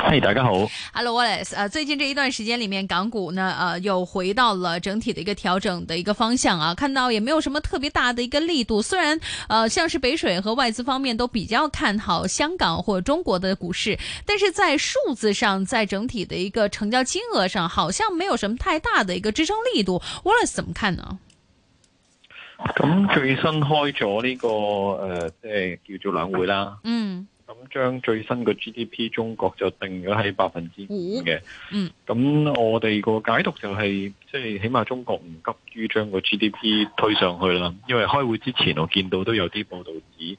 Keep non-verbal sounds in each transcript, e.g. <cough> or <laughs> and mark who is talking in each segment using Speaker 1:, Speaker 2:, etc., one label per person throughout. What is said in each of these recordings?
Speaker 1: Hey, 大
Speaker 2: 家好。Hello, Wallace。啊，最近這一段時間裏面，港股呢，呃，又回到了整體的一個調整的一個方向啊。看到也沒有什麼特別大的一個力度。雖然，呃，像是北水和外資方面都比較看好香港或中國的股市，但是在數字上，在整體的一個成交金額上，好像沒有什麼太大的一個支撐力度。Wallace，怎麼看呢？
Speaker 1: 咁最新開咗呢個，叫做兩會啦。嗯。咁將最新個 GDP 中國就定咗喺百分之五嘅，咁、嗯、我哋個解讀就係、是，即係起碼中國唔急於將個 GDP 推上去啦。因為開會之前我見到都有啲報道指，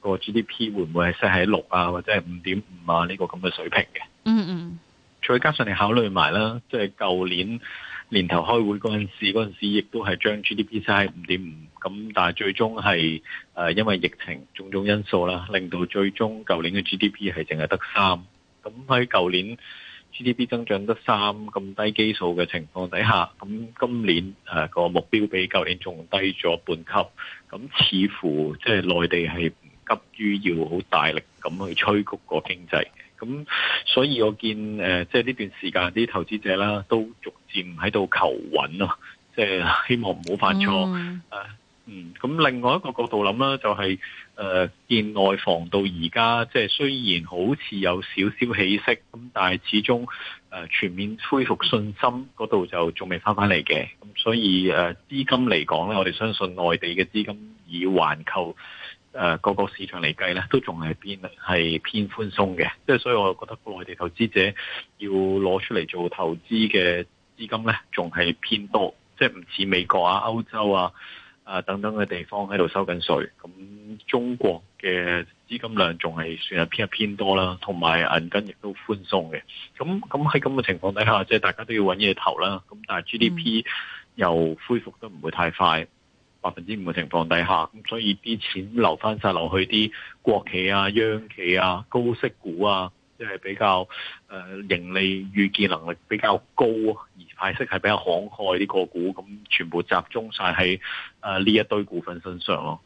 Speaker 1: 個 GDP 會唔會係 set 喺六啊，或者係五點五啊呢，呢個咁嘅水平嘅，嗯。嗯嗯，再加上你考慮埋啦，即係舊年，年頭開會嗰陣時，嗰陣時亦都係將 GDP 嘥五點五，咁但係最終係誒因為疫情種種因素啦，令到最終舊年嘅 GDP 係淨係得三。咁喺舊年 GDP 增長得三咁低基數嘅情況底下，咁今年誒個目標比舊年仲低咗半級，咁似乎即係內地係唔急於要好大力咁去催谷個經濟。咁所以，我見誒，即係呢段時間啲投資者啦，都逐漸喺度求穩咯，即係希望唔好犯錯。Mm hmm. 啊、嗯。咁另外一個角度諗啦，就係、是、誒，見、呃、內房到而家，即係雖然好似有少少起色，咁但係始終誒、呃、全面恢復信心嗰度就仲未翻翻嚟嘅。咁所以誒、呃，資金嚟講咧，我哋相信內地嘅資金以環購。誒個個市場嚟計咧，都仲係偏係偏寬鬆嘅，即係所以我覺得內地投資者要攞出嚟做投資嘅資金咧，仲係偏多，即係唔似美國啊、歐洲啊、啊等等嘅地方喺度收緊稅。咁中國嘅資金量仲係算係偏偏多啦，同埋銀根亦都寬鬆嘅。咁咁喺咁嘅情況底下，即係大家都要搵嘢投啦。咁但係 GDP 又恢復得唔會太快。百分之五嘅情況底下，咁所以啲錢流翻晒落去啲國企啊、央企啊、高息股啊，即係比較誒盈利預見能力比較高，而派息係比較慷慨啲個股，咁全部集中晒喺誒呢一堆股份身上咯。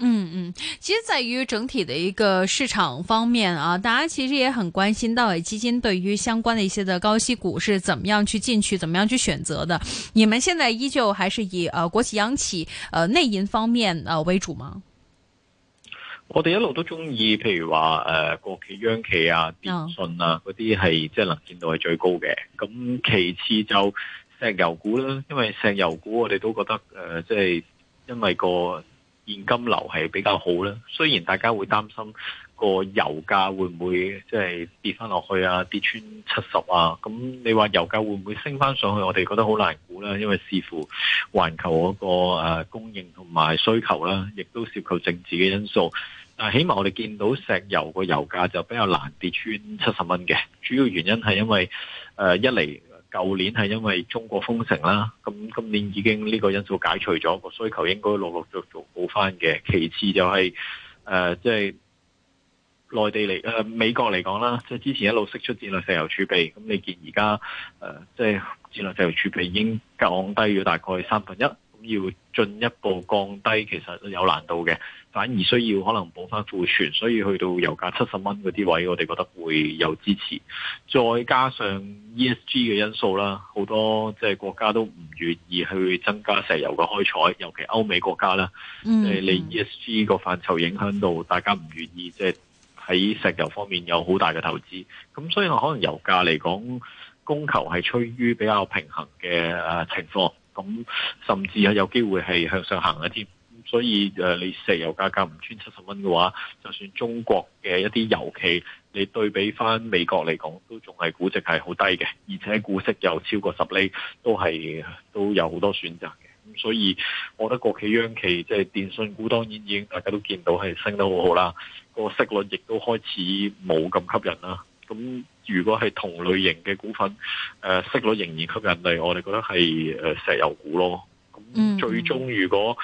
Speaker 2: 嗯嗯，其實在於整體的一個市場方面啊，大家其實也很關心，到底基金對於相關的一些的高息股是怎麼樣去進去，怎麼樣去選擇的？你們現在依舊還是以誒、呃、國企央企呃內銀方面呃為主嗎？
Speaker 1: 我哋一路都中意，譬如話誒、呃、國企央企啊、電信啊嗰啲係即係能見度係最高嘅，咁其次就石油股啦，因為石油股我哋都覺得誒、呃、即係因為個。現金流係比較好啦。雖然大家會擔心個油價會唔會即係跌翻落去啊，跌穿七十啊，咁你話油價會唔會升翻上去？我哋覺得好難估啦，因為視乎環球嗰個供應同埋需求啦，亦都涉及政治嘅因素。但係起碼我哋見到石油個油價就比較難跌穿七十蚊嘅，主要原因係因為誒一嚟。舊年係因為中國封城啦，咁今年已經呢個因素解除咗，個需求應該陸陸續續好翻嘅。其次就係、是、誒，即、呃、係、就是、內地嚟、呃、美國嚟講啦，即、就、係、是、之前一路釋出戰略石油儲備，咁你見而家誒，即、呃、係、就是、戰略石油儲備已經降低咗大概三分一。要進一步降低其實有難度嘅，反而需要可能補翻庫存，所以去到油價七十蚊嗰啲位，我哋覺得會有支持。再加上 ESG 嘅因素啦，好多即係國家都唔願意去增加石油嘅開採，尤其歐美國家啦，你 ESG 個範疇影響到大家唔願意即係喺石油方面有好大嘅投資，咁所以可能油價嚟講，供求係趨於比較平衡嘅情況。咁甚至係有機會係向上行嘅添，所以誒，你石油價格唔穿七十蚊嘅話，就算中國嘅一啲油企，你對比翻美國嚟講，都仲係估值係好低嘅，而且股息又超過十厘，都係都有好多選擇嘅。咁所以，我覺得國企央企即係、就是、電信股，當然已經大家都見到係升得好好啦，個息率亦都開始冇咁吸引啦。咁如果係同類型嘅股份，誒、呃，息率仍然吸引你，我哋覺得係誒、呃、石油股咯。咁最終如果誒、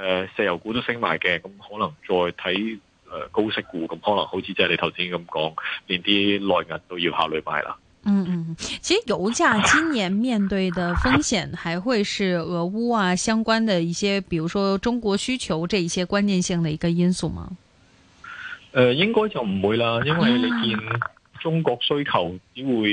Speaker 1: 呃、石油股都升埋嘅，咁可能再睇誒、呃、高息股，咁可能好似即係你頭先咁講，連啲內銀都要考慮埋啦。嗯嗯，
Speaker 2: 其實油價今年面對嘅風險，還會是俄烏啊 <laughs> 相關的一些，比如說中國需求這一些關鍵性嘅一個因素嗎？
Speaker 1: 誒、呃，應該就唔會啦，因為你見。啊中國需求只會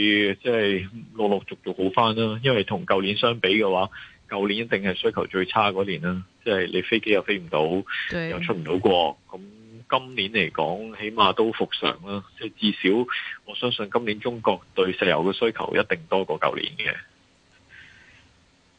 Speaker 1: 即係陸陸續續好翻啦，因為同舊年相比嘅話，舊年一定係需求最差嗰年啦。即係你飛機又飛唔到，
Speaker 3: 對又出唔到國，
Speaker 1: 咁今年嚟講，起碼都復常啦。即係至少，我相信今年中國對石油嘅需求一定多過舊年嘅。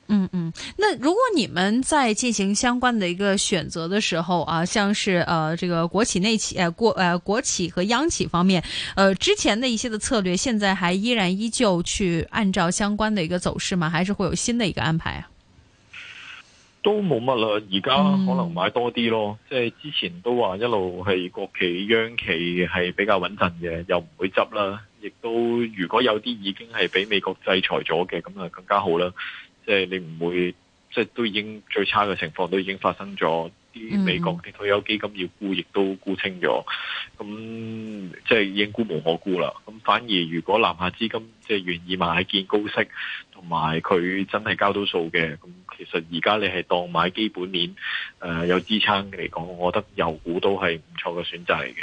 Speaker 2: 嗯嗯，那如果你們在進行相關的一個選擇的時候啊，像是呃這個國企、內企、呃國呃國企和央企方面，呃之前的一些的策略，現在還依然依舊去按照相關的一個走勢嗎？還是會有新的一個安排啊？
Speaker 1: 都冇乜啦，而家可能買多啲咯。即係、嗯、之前都話一路係國企、央企係比較穩陣嘅，又唔會執啦。亦都如果有啲已經係俾美國制裁咗嘅，咁啊更加好啦。即係你唔會，即、就、係、是、都已經最差嘅情況都已經發生咗，
Speaker 3: 啲美國
Speaker 1: 嘅退休基金要沽亦都沽清咗。咁即係已經沽無可沽啦。咁反而如果南下資金即係願意買建高息，同埋佢真係交到數嘅，咁其實而家你係當買基本面誒、呃、有支撐嚟講，我覺得油股都係唔錯嘅選擇嚟嘅。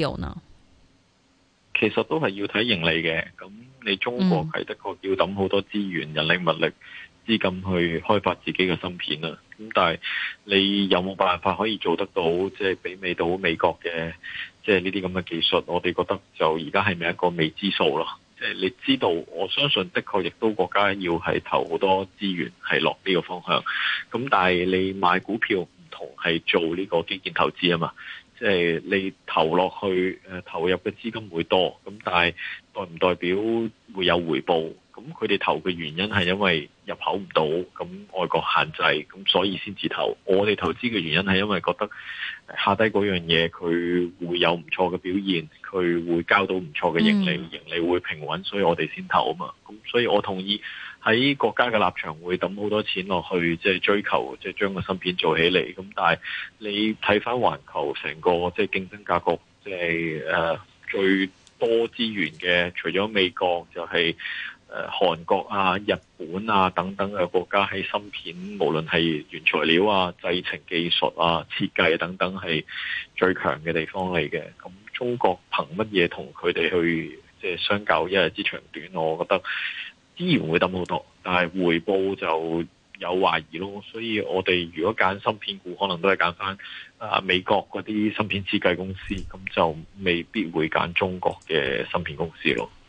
Speaker 1: 有呢，其實都係要睇盈利嘅。咁你中國係的確要抌好多資源、嗯、人力、物力、資金去開發自己嘅芯片啊。咁但係你有冇辦法可以做得到？即係媲美到美國嘅，即係呢啲咁嘅技術，我哋覺得就而家係咪一個未知數咯。即係你知道，我相信的確亦都國家要係投好多資源係落呢個方向。咁但係你買股票唔同，係做呢個基建投資啊嘛。即你投落去，誒投入嘅資金會多，咁但係代唔代表會有回報？咁佢哋投嘅原因係因為入口唔到，咁外國限制，咁所以先至投。我哋投資嘅原因係因為覺得下低嗰樣嘢佢會有唔錯嘅表現，佢會交到唔錯嘅盈利，嗯、盈利會平穩，所以我哋先投啊嘛。咁所以我同意喺國家嘅立場會抌好多錢落去，即係追求，即係將個芯片做起嚟。咁但係你睇翻環球成個即係競爭格局，即係誒最多資源嘅，除咗美國就係。誒韓國啊、日本啊等等嘅國家喺芯片，無論係原材料啊、製程技術啊、設計等等係最強嘅地方嚟嘅。咁中國憑乜嘢同佢哋去即係相較一日之長短？我覺得依然會等好多，但係回報就有懷疑咯。所以我哋如果揀芯片股，可能都係揀翻啊美國嗰啲芯片設計公司，咁就未必會揀中國嘅芯片公司咯。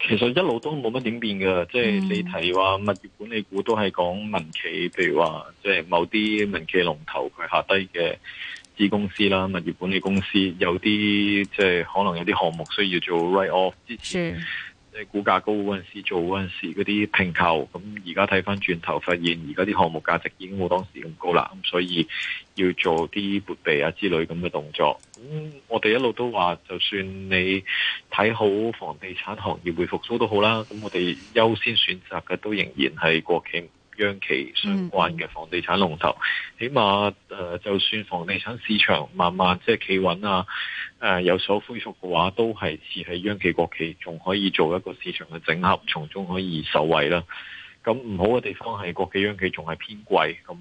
Speaker 1: 其實一路都冇乜點變㗎。即係你睇話物業管理股都係講民企，譬如話即係某啲民企龍頭佢下低嘅子公司啦，物業管理公司有啲即係可能有啲項目需要做 write off
Speaker 3: 之前。是
Speaker 1: 你股價高嗰陣時做嗰陣時嗰啲併購，咁而家睇翻轉頭，發現而家啲項目價值已經冇當時咁高啦，咁所以要做啲撥備啊之類咁嘅動作。咁我哋一路都話，就算你睇好房地產行業會復甦都好啦，咁我哋優先選擇嘅都仍然係國企。央企相關嘅房地產龍頭，嗯、起碼誒、呃，就算房地產市場慢慢即係企穩啊，誒、呃、有所恢復嘅話，都係似喺央企國企仲可以做一個市場嘅整合，從中可以受惠啦。咁唔好嘅地方係國企央企仲係偏貴咁。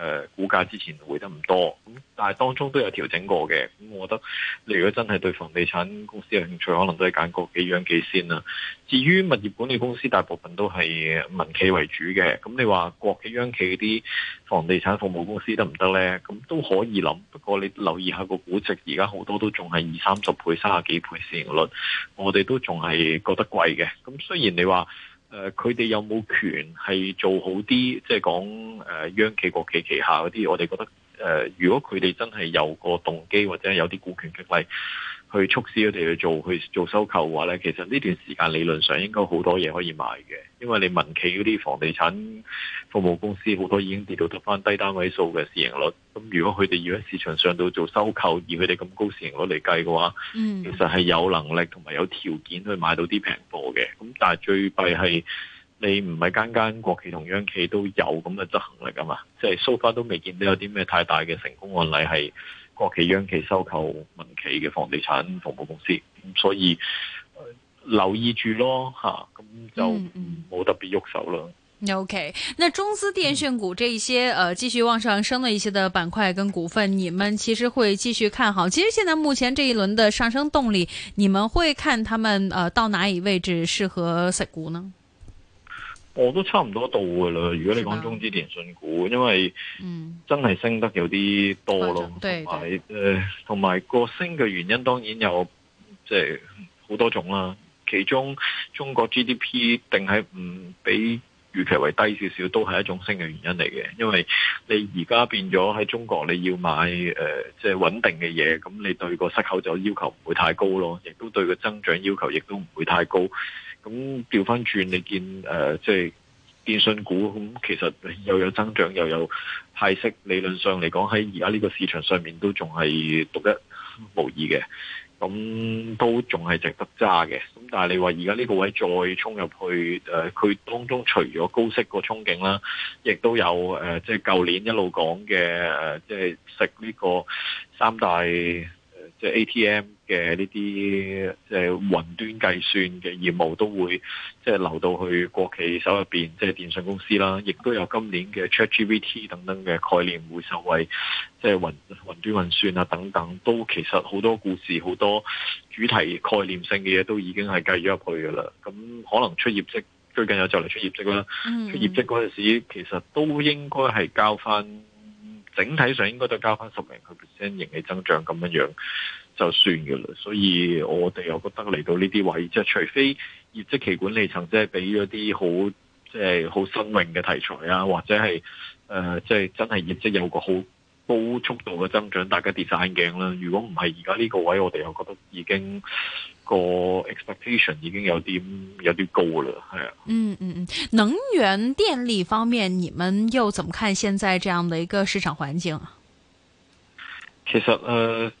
Speaker 1: 誒，股價之前回得唔多，咁但係當中都有調整過嘅，咁我覺得你如果真係對房地產公司有興趣，可能都係揀國企央企先啦。至於物業管理公司，大部分都係民企為主嘅，咁你話國企央企嗰啲房地產服務公司得唔得呢？咁都可以諗，不過你留意下個估值，而家好多都仲係二三十倍，三十幾倍市盈率，我哋都仲係覺得貴嘅。咁雖然你話。誒佢哋有冇權係做好啲？即係講，誒央企國企旗下嗰啲，我哋覺得誒、呃，如果佢哋真係有個動機或者有啲股權激勵，去促使佢哋去做去做收購嘅話咧，其實呢段時間理論上應該好多嘢可以買嘅，因為你民企嗰啲房地產服務公司好多已經跌到得翻低單位數嘅市盈率，咁如果佢哋要喺市場上度做收購，以佢哋咁高市盈率嚟計嘅話，嗯，
Speaker 3: 其實係
Speaker 1: 有能力同埋有條件去買到啲平貨嘅，咁但係最弊係你唔係間間國企同央企都有咁嘅執行力啊嘛，即係 so far 都未見到有啲咩太大嘅成功案例係。國企央企收購民企嘅房地產服務公司，所以、呃、留意住咯吓，咁、啊、就冇特別喐手咯。嗯
Speaker 2: 嗯、o、okay. K，那中資電訊股這一些，誒、呃，繼續往上升了一些的板塊跟股份，你們其實會繼續看好。其實現在目前這一輪的上升動力，你們會看他們，誒、呃，到哪一位置適合食股呢？
Speaker 1: 我、哦、都差唔多到噶啦，嗯、如果你講中資電信股，吧因為真係升得有啲多咯，同埋誒，同埋有、呃、個升嘅原因當然有即係好多種啦。其中中國 GDP 定係唔比預期為低少少，都係一種升嘅原因嚟嘅。因為你而家變咗喺中國，你要買誒即係穩定嘅嘢，咁你對個出口就要求唔會太高咯，亦都對個增長要求亦都唔會太高。咁調翻轉，你見誒，即、呃、係、就是、電信股咁，其實又有增長，又有派息，理論上嚟講，喺而家呢個市場上面都仲係獨一無二嘅，咁都仲係值得揸嘅。咁但係你話而家呢個位再衝入去，誒、呃，佢當中除咗高息個憧憬啦，亦都有誒，即係舊年一路講嘅誒，即、呃、係、就是、食呢個三大。ATM 嘅呢啲，即係雲端計算嘅業務都會即係流到去國企手入面，即係電信公司啦，亦都有今年嘅 ChatGPT 等等嘅概念會受惠，即係雲端運算啊等等，都其實好多故事、好多主題概念性嘅嘢都已經係計咗入去噶啦。咁可能出業績，最近有就嚟出業績啦。出、mm hmm. 業績嗰陣時，其實都應該係交翻。整體上應該都交翻十零個 percent 盈利增長咁樣樣就算嘅啦，所以我哋又覺得嚟到呢啲位，即係除非業績期管理層即係俾咗啲好即係好新穎嘅題材啊，或者係誒即係真係業績有個好高速度嘅增長，大家跌晒眼鏡啦。如果唔係，而家呢個位我哋又覺得已經。個 expectation 已經有啲有啲高啦，係啊。嗯嗯嗯，
Speaker 2: 能源電力方面，你們又怎麼看現在這樣的一個市場環境？
Speaker 1: 其實誒、呃，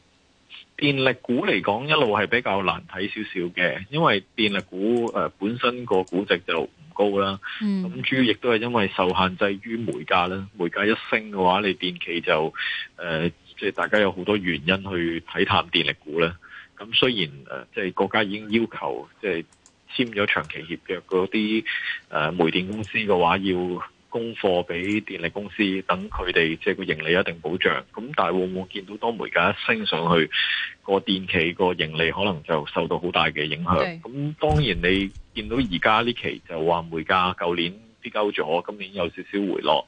Speaker 1: 電力股嚟講，一路係比較難睇少少嘅，因為電力股誒、呃、本身個估值就唔高啦。咁、嗯、主要亦都係因為受限制於煤價啦。煤價一升嘅話，你電企就誒，即、呃、係大家有好多原因去睇淡電力股咧。咁雖然誒，即係國家已經要求，即係簽咗長期協約嗰啲誒煤電公司嘅話，要供貨俾電力公司，等佢哋即係個盈利一定保障。咁但係會唔會見到當煤價升上去，個電企個盈利可能就受到好大嘅影響？咁 Okay. 當然你見到而家呢期就話煤價舊年跌鳩咗，今年有少少回落，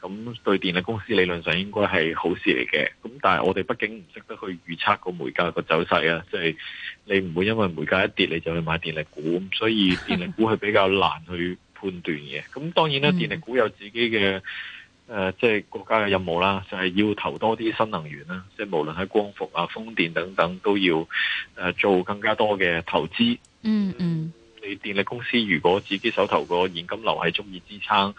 Speaker 1: 咁對電力公司理論上應該係好事嚟嘅。咁但係我哋畢竟唔識得去預測個煤價個走勢啊，即、就、係、是、你唔會因為煤價一跌你就去買電力股，所以電力股係比較難去判斷嘅。咁 <laughs> 當然啦，電力股有自己嘅誒，即、呃、係、就是、國家嘅任務啦，就係、是、要投多啲新能源啦，即、就、係、是、無論喺光伏啊、風電等等都要誒、呃、做更加多嘅投資。 <laughs> 嗯
Speaker 3: 嗯。
Speaker 1: 你電力公司如果自己手頭個現金流係足以支撐誒、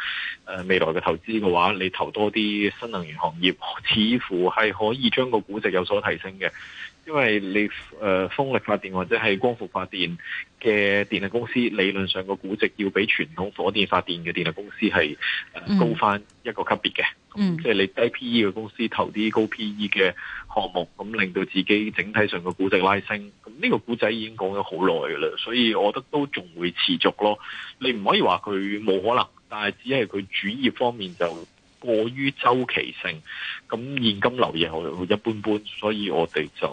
Speaker 1: 呃、未來嘅投資嘅話，你投多啲新能源行業，似乎係可以將個估值有所提升嘅。因為你誒、呃、風力發電或者係光伏發電嘅電力公司，理論上個估值要比傳統火電發電嘅電力公司係誒、呃、高翻一個級別嘅。即係、嗯、你低 PE 嘅公司投啲高 PE 嘅項目，咁令到自己整體上個估值拉升。咁呢個故仔已經講咗好耐㗎啦，所以我覺得都仲會持續咯。你唔可以話佢冇可能，但係只係佢主業方面就。過於周期性，咁現金流好一般般，所以我哋就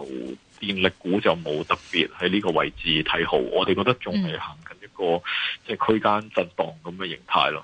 Speaker 1: 電力股就冇特別喺呢個位置睇好，我哋覺得仲係行緊一個即係區間震盪咁嘅形態咯。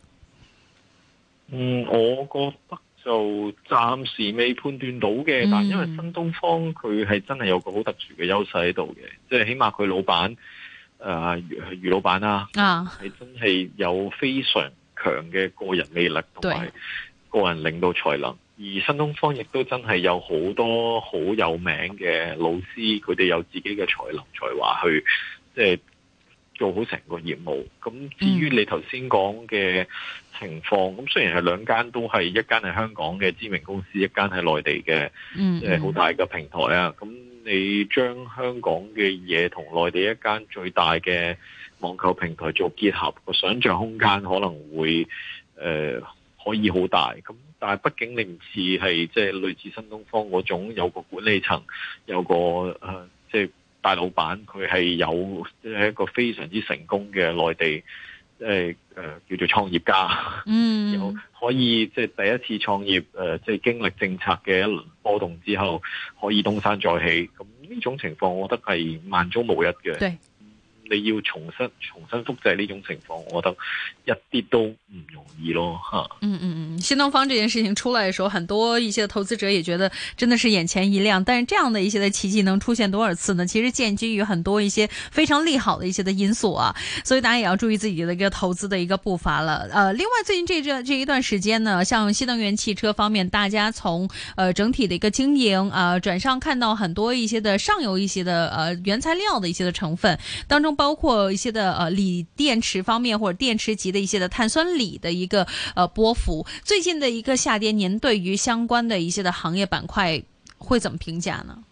Speaker 1: 嗯，我覺得就暫時未判斷到嘅，但因為新東方佢係真係有個好特殊嘅優勢喺度嘅，即係起碼佢老闆，誒、呃、余老闆啊，係、啊、真係有非常強嘅個人魅力同埋個人領導才能，對而新東方亦都真係有好多好有名嘅老師，佢哋有自己嘅才能才華去誒。即做好成個業務，咁至於你頭先講嘅情況，咁雖然係兩間都係一間係香港嘅知名公司，一間係內地嘅，
Speaker 3: 即係好大
Speaker 1: 嘅平台啊。咁你將香港嘅嘢同內地一間最大嘅網購平台做結合，個想象空間可能會誒可以好大。咁但係畢竟你唔似係即係類似新東方嗰種有個管理層，有個誒即係。大老闆佢係有即係一個非常之成功嘅內地，即係誒叫做創業家，有、嗯、可以即係第一次創業誒，即、呃、係經歷政策嘅一輪波動之後，可以東山再起。咁呢種情況，我覺得係萬中無一嘅。你要重新重新複製呢種情況，我覺得一啲都唔容易咯，哈嗯嗯嗯。
Speaker 2: 新東方這件事情出來的時候，很多一些投資者也覺得真的是眼前一亮，但是這樣的一些的奇蹟能出現多少次呢？其實建基於很多一些非常利好的一些的因素啊，所以大家也要注意自己的一個投資的一個步伐了。呃，另外最近這這這一段時間呢，像新能源汽車方面，大家從呃整體的一個經營啊，呃，轉上看到很多一些的上游一些的，一些的呃原材料的一些的成分當中。包括一些的呃鋰電池方面或者電池級的一些的碳酸鋰的一個呃波幅，最近的一個下跌，您對於相關的一些的行業板塊會怎麼評價呢？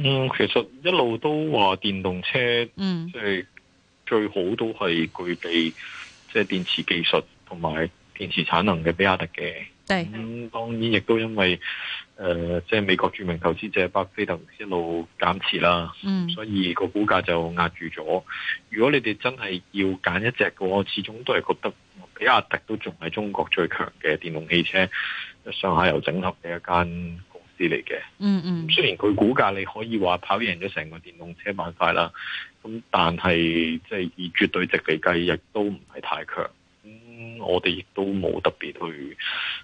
Speaker 2: 嗯，
Speaker 1: 其實一路都話電動車，嗯，即係最好都係具備即係電池技術同埋電池產能嘅比亞迪嘅。對，咁、嗯、當然亦都因為。誒、呃，即係美國著名投資者巴菲特一路減持啦，嗯、所以個股價就壓住咗。如果你哋真係要揀一隻嘅，我始終都係覺得比亞迪都仲係中國最強嘅電動汽車，就上下游整合嘅一間公司嚟嘅，嗯。嗯嗯，雖然佢股價你可以話跑贏咗成個電動車板塊啦，咁但係即係以絕對值嚟計，亦都唔係太強。我哋亦都冇特別去，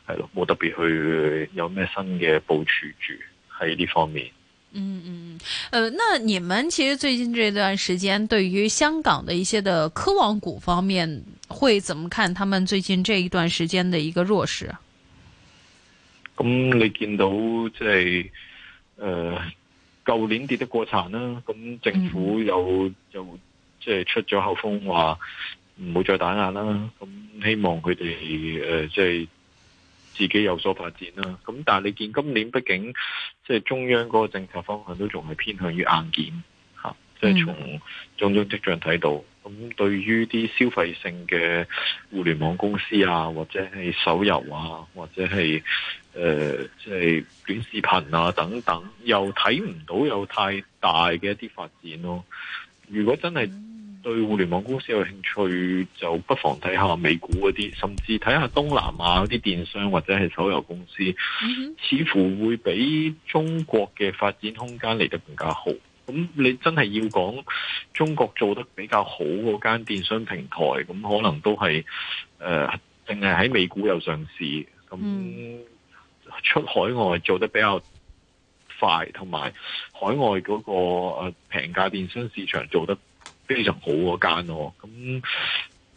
Speaker 1: 係咯，冇特別去有咩新嘅部署住喺呢方面。嗯
Speaker 2: 嗯，誒、嗯呃，那你們其實最近這段時間對於香港的一些的科網股方面，會怎麼看？他們最近這一段時間的一個弱勢？
Speaker 1: 咁你見到即係誒，舊、呃、年跌得過殘啦，咁政府有，又即係出咗口風話。唔好再打壓啦，咁希望佢哋誒，即係自己有所發展啦。咁但係你見今年畢竟，即係中央嗰個政策方向都仲係偏向於硬件吓，即係從種種跡象睇到。咁對於啲消費性嘅互聯網公司啊，或者係手遊啊，或者係誒，即係短視頻啊等等，又睇唔到有太大嘅一啲發展咯。如果真係。對互聯網公司有興趣，就不妨睇下美股嗰啲，甚至睇下東南亞嗰啲電商或者係手遊公司，嗯、哼似乎會比中國嘅發展空間嚟得更加好。咁你真係要講中國做得比較好嗰間電商平台，咁可能都係誒，淨係喺美股有上市，咁出海外做得比較快，同埋海外嗰個誒平價電商市場做得非常好嗰間咯，咁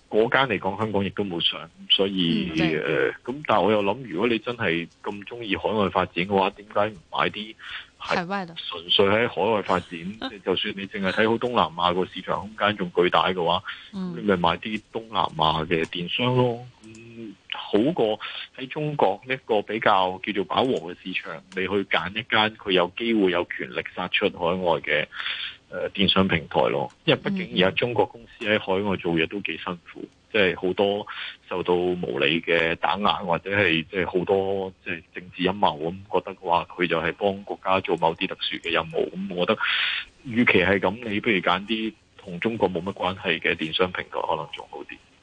Speaker 1: 嗰間嚟講，講香港亦都冇上，所以誒，咁、嗯呃、但係我又諗，如果你真係咁中意海外發展嘅話，點解唔買啲
Speaker 3: 係純粹
Speaker 1: 喺海外發展？的就算你淨係睇好東南亞個市場空間仲巨大嘅話，嗯、你咪買啲東南亞嘅電商咯，嗯、好過喺中國一個比較叫做飽和嘅市場，你去揀一間佢有機會有權力殺出海外嘅。誒電商平台咯，因為畢竟而家中國公司喺海外做嘢都幾辛苦，即係好多受到無理嘅打壓，或者係即係好多即係政治陰謀咁，覺得話佢就係幫國家做某啲特殊嘅任務，咁我覺得與其係咁，你不如揀啲同中國冇乜關係嘅電商平台，可能仲好啲。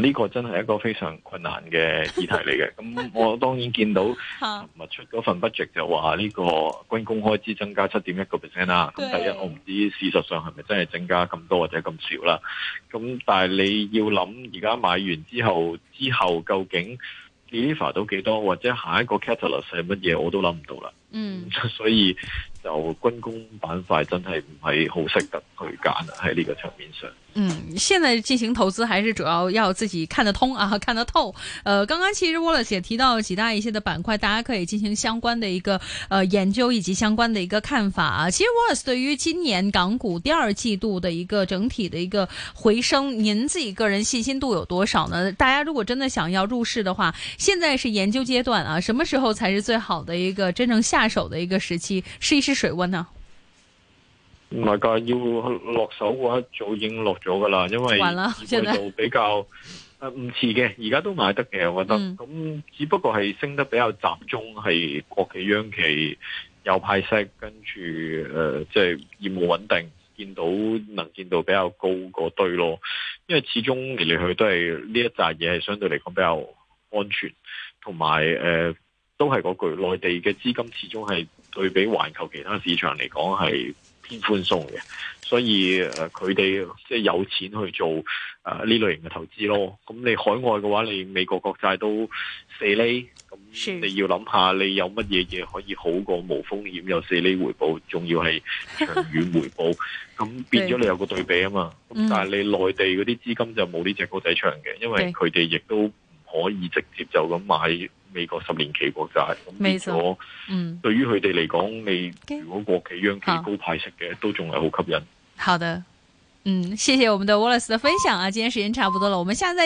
Speaker 1: 呢個真係一個非常困難嘅議題嚟嘅。咁 <laughs> 我當然見到，琴日出嗰份 budget 就話呢個軍工開支增加七點一個 percent 啦。咁 <laughs> 第一，我唔知事實上係咪真係增加咁多或者咁少啦。咁但係你要諗，而家買完之後，之後究竟 deliver 到幾多，或者下一個 catalyst 係乜嘢，我都諗唔到啦。嗯， <laughs> 所以。有軍工板塊真係唔係好識得去揀喺呢個場面上。
Speaker 2: 嗯，現在進行投資還是主要要自己看得通啊，看得透。呃，剛剛其實 Wallace 也提到幾大一些的板塊，大家可以進行相關的一個呃研究以及相關的一個看法啊。其實 Wallace 對於今年港股第二季度的一個整體的一個回升，您自己個人信心度有多少呢？大家如果真的想要入市的話，現在是研究階段啊，什麼時候才是最好的一個真正下手的一個時期？試一試。
Speaker 3: 水溫啊，
Speaker 1: 唔係噶，要落手嘅話早已經落咗噶啦，因為佢就比較誒唔遲嘅，而家都買得嘅，我覺得。咁、嗯、只不過係升得比較集中，係國企央企有派息，跟住誒即係業務穩定，見到能見到比較高個堆咯。因為始終嚟嚟去都係呢一紮嘢，係相對嚟講比較安全，同埋誒都係嗰句，內地嘅資金始終係。對比環球其他市場嚟講係偏寬鬆嘅，所以誒佢哋即係有錢去做誒呢類型嘅投資咯。咁你海外嘅話，你美國國債都四釐，咁你要諗下你有乜嘢嘢可以好過無風險有四釐回報，仲要係長遠回報。咁變咗你有個對比啊嘛。但係你內地嗰啲資金就冇呢隻歌仔唱嘅，因為佢哋亦都唔可以直接就咁買。美國十年期國債咁冇錯，嗯，對於佢哋嚟講，你如果國企央企高派息嘅，Okay. 都仲係好
Speaker 3: 吸引。
Speaker 2: 好的，嗯，謝謝我們的 Wallace 的分享啊！今天時間差不多了，我們下再。